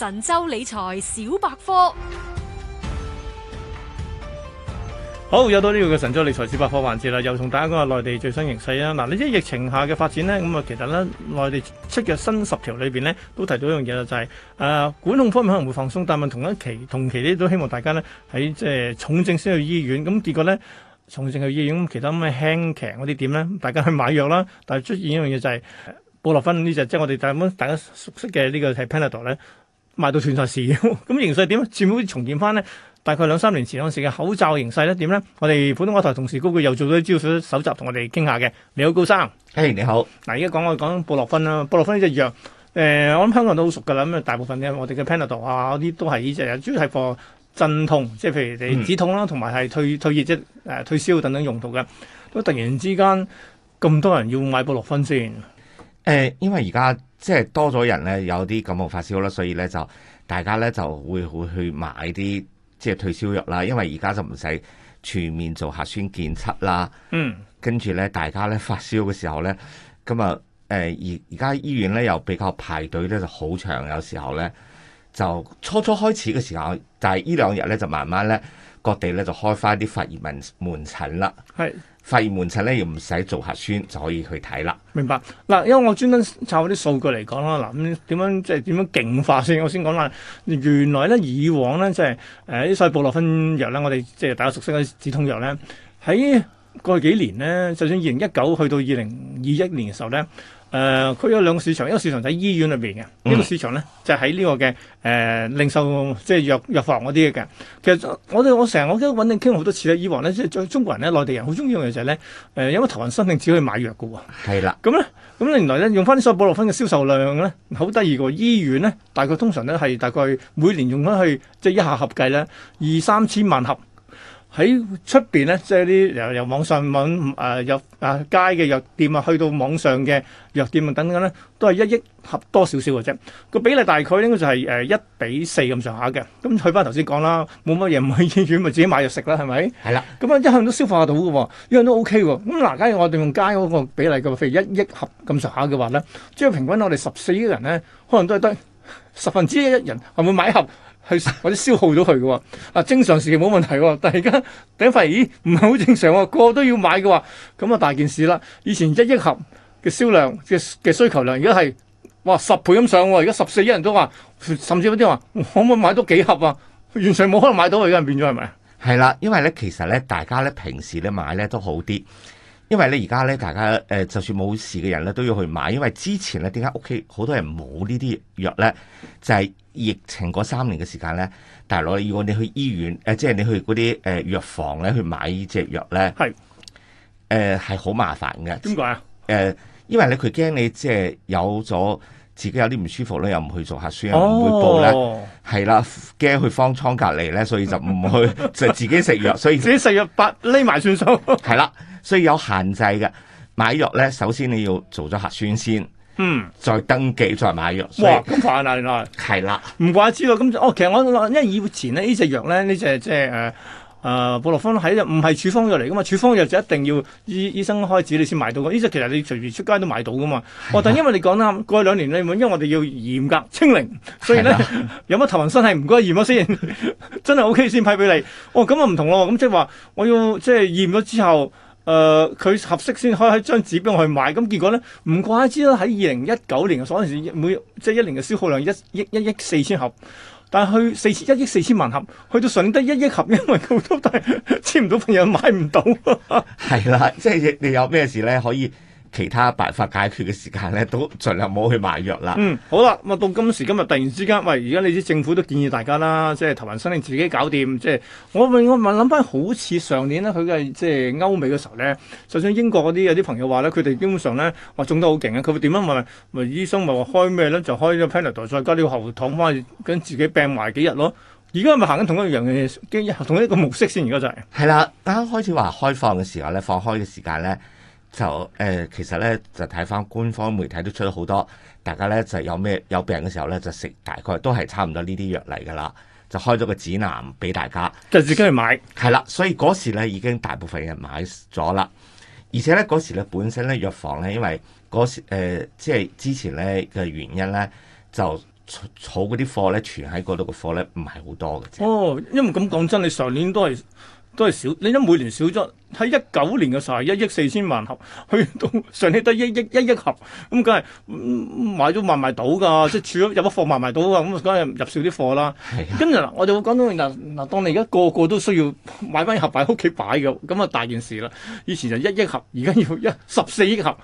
神州理財小百科，好，又到呢個嘅神州理財小百科環節啦，又同大家講下內地最新形勢啦。嗱、啊，呢啲疫情下嘅發展呢，咁啊，其實呢，內地出嘅新十條裏邊呢都提到一樣嘢就係、是，誒、呃，管控方面可能會放鬆，但係同一期同一期呢都希望大家呢喺即係重症先去醫院，咁、嗯、結果呢，重症去醫院，咁其他咩輕、輕嗰啲點呢，大家去買藥啦。但係出現一樣嘢就係、是、布洛芬呢隻，就即係我哋大，大家熟悉嘅呢個係 Panadol 咧，賣到斷曬市，咁 形勢點咧？全部重現翻呢？大概兩三年前嗰陣時嘅口罩形勢咧點咧？我哋普通話台同事高佢又做咗啲資料蒐集，同我哋傾下嘅。你好，高生。嘿，hey, 你好。嗱，而家講我講布洛芬啦。布洛芬呢隻藥，誒、呃，我諗香港人都好熟噶啦。咁啊，大部分嘅我哋嘅 Panadol 啊，嗰啲都係呢隻，主要係個鎮痛，即係譬如你止痛啦，同埋係退退熱即誒，退燒等等用途嘅。咁突然之間咁多人要買布洛芬先。誒、呃，因為而家即係多咗人咧，有啲感冒發燒啦，所以咧就大家咧就會會去買啲即係退燒藥啦。因為而家就唔使全面做核酸檢測啦。嗯，跟住咧，大家咧發燒嘅時候咧，咁啊，誒而而家醫院咧又比較排隊咧就好長，有時候咧就初初開始嘅時候，就係呢兩日咧就慢慢咧。各地咧就開翻啲發熱門門診啦，係是發熱門診咧又唔使做核酸就可以去睇啦。明白嗱，因為我專登查嗰啲數據嚟講啦。嗱，咁點樣即係點樣勁化先？我先講啦。原來咧以往咧即係誒啲西布洛芬藥咧，我哋即係大家熟悉嘅止痛藥咧喺。過去幾年呢，就算二零一九去到二零二一年嘅時候呢，誒、呃，佢有兩個市場，一個市場喺醫院裏邊嘅，嗯、一個市場呢就喺、是、呢個嘅誒、呃、零售，即係藥藥房嗰啲嘅。其實我哋我成日我都揾定傾好多次啦，以往呢，即係中中國人咧，內地人好鍾意用嘅就係呢，誒、呃，因為頭暈身痛只可以買藥嘅喎。係啦的，咁呢，咁原來呢，用翻所有布洛芬嘅銷售量呢，好得意喎。醫院呢，大概通常呢，係大概每年用翻去即係、就是、一下合計呢，二三千萬盒。喺出邊呢，即係啲由由網上揾誒藥誒街嘅藥店啊，去到網上嘅藥店啊，等等咧，都係一億盒多少少嘅啫。個比例大概應該就係誒一比四咁上下嘅。咁去翻頭先講啦，冇乜嘢唔去醫院，咪自己買藥食啦，係咪？係啦的。咁啊，一向都消化得到嘅，一樣都 O K 喎。咁嗱，假如我哋用街嗰個比例嘅，譬如一億盒咁上下嘅話咧，即係平均我哋十四億人咧，可能都係得十分之一人係會買一盒。或者消耗咗佢嘅喎，啊正常時期冇問題喎，但係而家第一發咦唔係好正常喎，個個都要買嘅話，咁啊大件事啦。以前一億盒嘅銷量嘅嘅需求量，而家係哇十倍咁上，而家十四億人都話，甚至有啲話可唔可以買多幾盒啊？完全冇可能買到佢。而家變咗係咪啊？係啦，因為咧其實咧，大家咧平時咧買咧都好啲。因為咧，而家咧，大家誒、呃，就算冇事嘅人咧，都要去買。因為之前咧，點解屋企好多人冇呢啲藥咧？就係、是、疫情嗰三年嘅時間咧，大佬，如果你去醫院誒，即係你去嗰啲誒藥房咧去買呢隻藥咧，係誒係好麻煩嘅。點解是？啊？誒，因為咧佢驚你即係有咗自己有啲唔舒服咧，又唔去做核酸，又唔會報咧，係啦、oh. 啊，驚去方艙隔離咧，所以就唔去，就係 自己食藥，所以自己食藥八匿埋算數，係 啦是的。 所以有限制嘅買藥咧，首先你要做咗核酸先，嗯，再登記再買藥。哇，咁快啊原來係啦，唔的怪知咯。咁哦，其實我因為以前咧呢隻藥咧呢隻即係誒誒布洛芬喺度，唔係處方藥嚟噶嘛，處方藥就一定要醫醫生開始你先買到。呢隻的其實你隨時出街都買到噶嘛。哦，但因為你講得啱，過去兩年咧，因為我哋要嚴格清零，所以咧的有冇頭暈身氣唔該驗咗先，真係 OK 先批俾你。哦，咁啊唔同咯，咁即係話我要即係驗咗之後。誒佢、呃、合適先開開張紙俾我去買，咁結果咧唔怪之啦，喺二零一九年嘅嗰陣時，每即係一年嘅消耗量一億一億四千盒，但係去四千一億四千萬盒，去到上年得一億盒，因為好多都係 簽唔到份嘢，買唔到。係 啦，即係你有咩事咧可以？其他辦法解決嘅時間呢，都盡量唔好去買藥啦。嗯，好啦，咁啊到今時今日突然之間，喂，而家你知政府都建議大家啦，即係頭暈身暈自己搞掂。即係我我問諗翻，好似上年呢，佢嘅即係歐美嘅時候呢，就算英國嗰啲有啲朋友話呢，佢哋基本上呢話中得好勁啊，佢會點啊？咪咪醫生咪話開咩呢？就開咗 Panadol 再加啲喉糖翻，跟自己病埋幾日咯。而家咪行緊同一樣嘅嘢，同一個模式先，而家就係。係啦，啱開始話開放嘅時候呢，放開嘅時間呢。就誒、呃，其實咧就睇翻官方媒體都出咗好多，大家咧就有咩有病嘅時候咧就食，大概都係差唔多呢啲藥嚟噶啦，就開咗個指南俾大家。就自己去買，係啦，所以嗰時咧已經大部分人買咗啦，而且咧嗰時咧本身咧藥房咧，因為嗰時、呃、即係之前咧嘅原因咧，就儲嗰啲貨咧存喺嗰度嘅貨咧唔係好多嘅啫。哦，因為咁講真，你上年都係。都係少，你因每年少咗，喺一九年嘅時候係一億四千萬盒，去到上期得一億一億盒，咁梗係買咗賣賣到㗎，即係儲咗入咗貨賣賣到㗎，咁梗係入少啲貨啦。咁啊的，我哋會講到嗱嗱，當你而家個個都需要買翻一盒擺喺屋企擺㗎，咁啊大件事啦。以前就一億盒，而家要一十四億盒。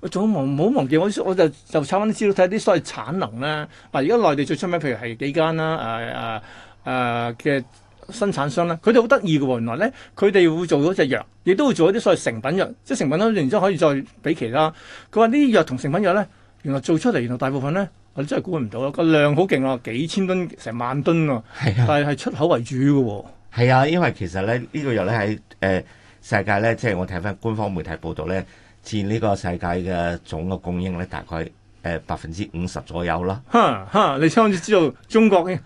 我仲好冇忘記，我我就就抄翻啲資料睇下啲所謂產能啦。嗱，而家內地最出名，譬如係幾間啦，誒誒誒嘅。呃呃生產商咧，佢哋好得意嘅喎，原來咧佢哋會做嗰隻藥，亦都會做一啲所謂成品藥，即係成品咧，然之後可以再俾其他。佢話呢啲藥同成品藥咧，原來做出嚟，原來大部分咧，我哋真係估唔到個量好勁啊，幾千噸，成萬噸啊！係啊，但係係出口為主嘅喎、哦。係啊，因為其實咧呢、呢個藥咧喺誒世界咧，即係我睇翻官方媒體報導咧，佔呢個世界嘅總嘅供應咧，大概，誒百分之五十左右啦，嚇嚇，你先知道中國嘅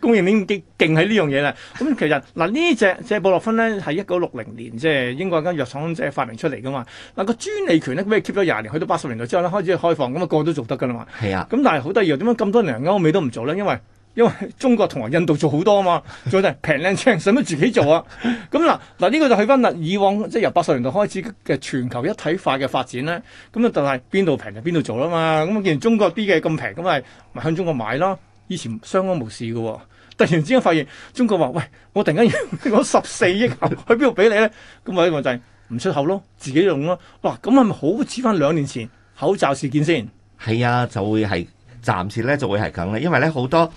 供應鏈咁勁喺呢樣嘢啦。咁其實嗱呢隻即係布洛芬咧，係一九六零年即係英國間藥廠即係發明出嚟噶嘛。嗱個專利權咧，俾佢 keep 咗廿年，去到八十年代之後咧，開始開放，咁啊個個都做得噶啦嘛。係啊，咁但係好得意啊，點解咁多年歐美都唔做咧？因為因為中國同埋印度做好多啊嘛，做以就平靚正，使乜 自己做啊？咁嗱嗱呢個就去翻啦。以往即係、就是、由八十年代開始嘅全球一體化嘅發展咧，咁啊就係邊度平就邊度做啦嘛。咁既然中國啲嘅咁平，咁咪咪向中國買咯。以前相安無事嘅喎、哦，突然之間發現中國話：喂，我突然間攞十四億口去邊度俾你咧？咁啊呢個就係唔出口咯，自己用咯。哇！咁係咪好似翻兩年前口罩事件先？係啊，就會係暫時咧就會係咁咧，因為咧好多。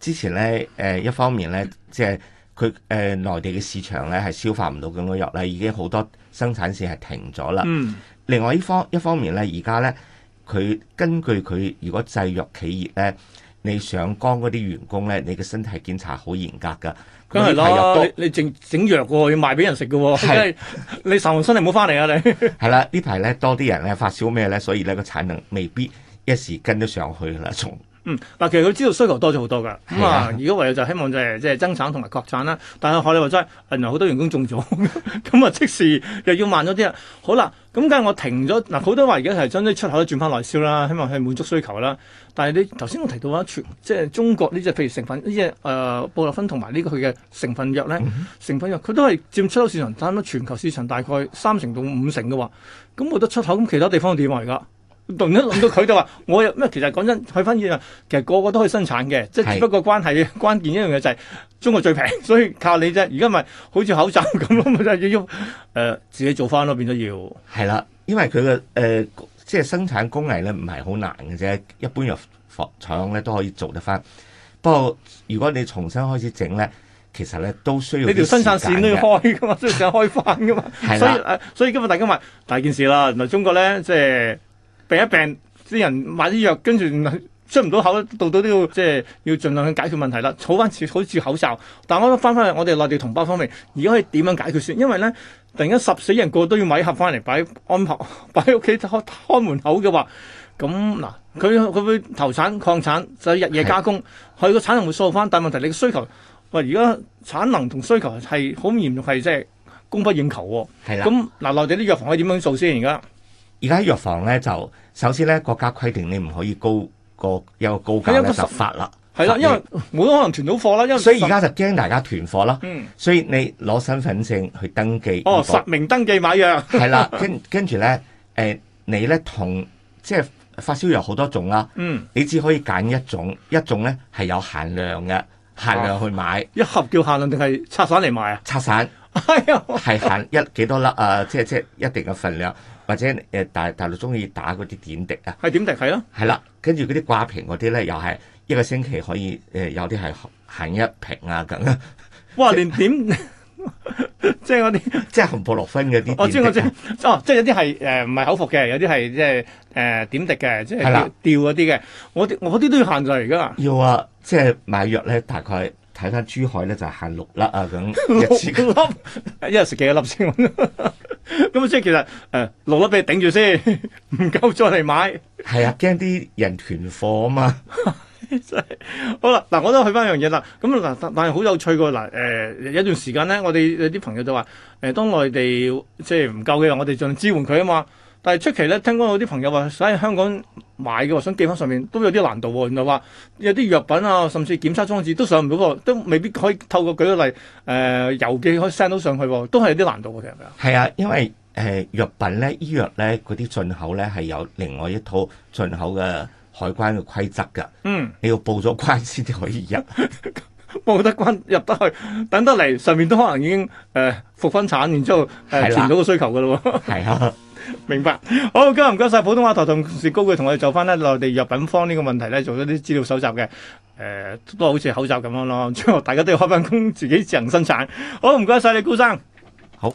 之前咧，誒一方面咧，即係佢誒內地嘅市場咧係消化唔到咁多藥啦，已經好多生產線係停咗啦。嗯、另外一方一方面咧，而家咧佢根據佢如果製藥企業咧，你上崗嗰啲員工咧，你嘅身體檢查好嚴格噶。咁係咯，你整整藥㗎，要賣俾人食㗎、哦，真是你受完身你唔好翻嚟啊！你係啦， 呢排咧多啲人咧發燒咩咧，所以咧個產能未必一時跟得上去啦，從。從嗯，嗱，其實佢知道需求多咗好多噶，咁啊的，如果唯有就希望就係即係增產同埋擴產啦。但係我話你話齋，原來好多員工中咗，咁啊，即時又要慢咗啲啊。好啦，咁梗係我停咗，嗱，好多話而家係將啲出口都轉翻內銷啦，希望去滿足需求啦。但係你頭先我提到話全，即係中國呢隻譬如成分呢隻誒布洛芬同埋呢個佢嘅成分藥咧，嗯、哼成分藥佢都係佔出口市場差唔多全球市場大概三成到五成嘅喎。咁冇得出口，咁其他地方點啊而家？突然間諗到佢就話，我又咩？其實講真，睇翻嘢啊，其實個個都可以生產嘅，即係只不過關係嘅是關鍵一樣嘢就係中國最平，所以靠你啫。而家咪好似口罩咁，咪就係要誒、呃、自己做翻咯，變咗要。係啦，因為佢嘅誒即係生產工藝咧，唔係好難嘅啫，一般藥廠咧都可以做得翻。不過如果你重新開始整咧，其實咧都需要啲時間嘅。你條生產線都要開噶嘛，都要想開翻噶嘛。係啦的、呃，所以今日大家問大件事啦，原來中國咧即係。病一病，啲人買啲藥，跟住出唔到口，到到都要即係要儘量去解決問題啦。儲翻好似口罩，但係我都翻翻去我哋內地同胞方面，而家可以點樣解決先？因為咧，突然間十四人個都要買盒翻嚟擺安排，擺喺屋企開開門口嘅話，咁嗱，佢佢會投產擴產，就日夜加工，佢個的產能會縮翻，但係問題你嘅需求，喂，而家產能同需求係好嚴重係即係供不應求喎。啦的，咁嗱內地啲藥房可以點樣做先？而家？而家喺藥房咧，就首先咧，國家規定你唔可以高個一個高價咧就罰啦，係啦，因為冇可能囤到貨啦，所以而家就驚大家囤貨啦。所以你攞身份證去登記。哦，實名登記買藥。係啦，跟跟住咧，誒，你咧同即係發燒藥好多種啦。嗯，你只可以揀一種，一種咧係有限量嘅，限量去買。一盒叫限量定係拆散嚟買啊？拆散係係限一幾多粒啊？即係即係一定嘅份量。或者誒大，大陸鍾意打嗰啲點滴啊，係點滴係咯，係啦，跟住嗰啲掛瓶嗰啲咧，又係一個星期可以誒，有啲係限一瓶啊咁啊，就是、哇！連點 即係嗰啲即係含布洛芬嗰啲，我知我知。哦，即係有啲係誒唔係口服嘅，有啲係即係誒點滴嘅，即係吊嗰啲嘅，我啲我啲都要限制而家㗎，要啊，即係買藥咧，大概。睇翻珠海咧就係，是，限六粒啊咁，六粒，一日食幾多粒先？咁即係其實誒六粒俾你頂住先，唔夠再嚟買。係 啊，驚啲人囤貨啊嘛。 好啦，嗱，我都去翻樣嘢啦。咁嗱，但係好有趣喎嗱。誒，呃，有一段時間咧，我哋有啲朋友就話誒，呃，當內地即係唔夠嘅話，我哋盡量支援佢啊嘛。但係出奇咧，聽講有啲朋友話喺香港買嘅話，想寄翻上面都有啲難度喎。原來話有啲藥品啊，甚至檢測裝置都上唔到，嗰都未必可以透過，舉個例，誒郵寄可以 send 到上去，都係有啲難度嘅，係咪啊？係啊，因為誒藥品咧，醫藥咧嗰啲進口咧係有另外一套進口嘅海關嘅規則㗎。嗯，你要報咗關先至可以入，報得關入得去，等得嚟上面都可能已經誒復分產，然之後填到個需求㗎咯喎。係啊。 明白，好，今日唔該晒普通話台同事高嘅，同我哋做翻咧內地藥品方呢個問題咧，做咗啲資料搜集嘅，誒、呃，都好似口罩咁樣咯，即係大家都要開翻工，自己自行生產。好，唔該晒你，高生，好。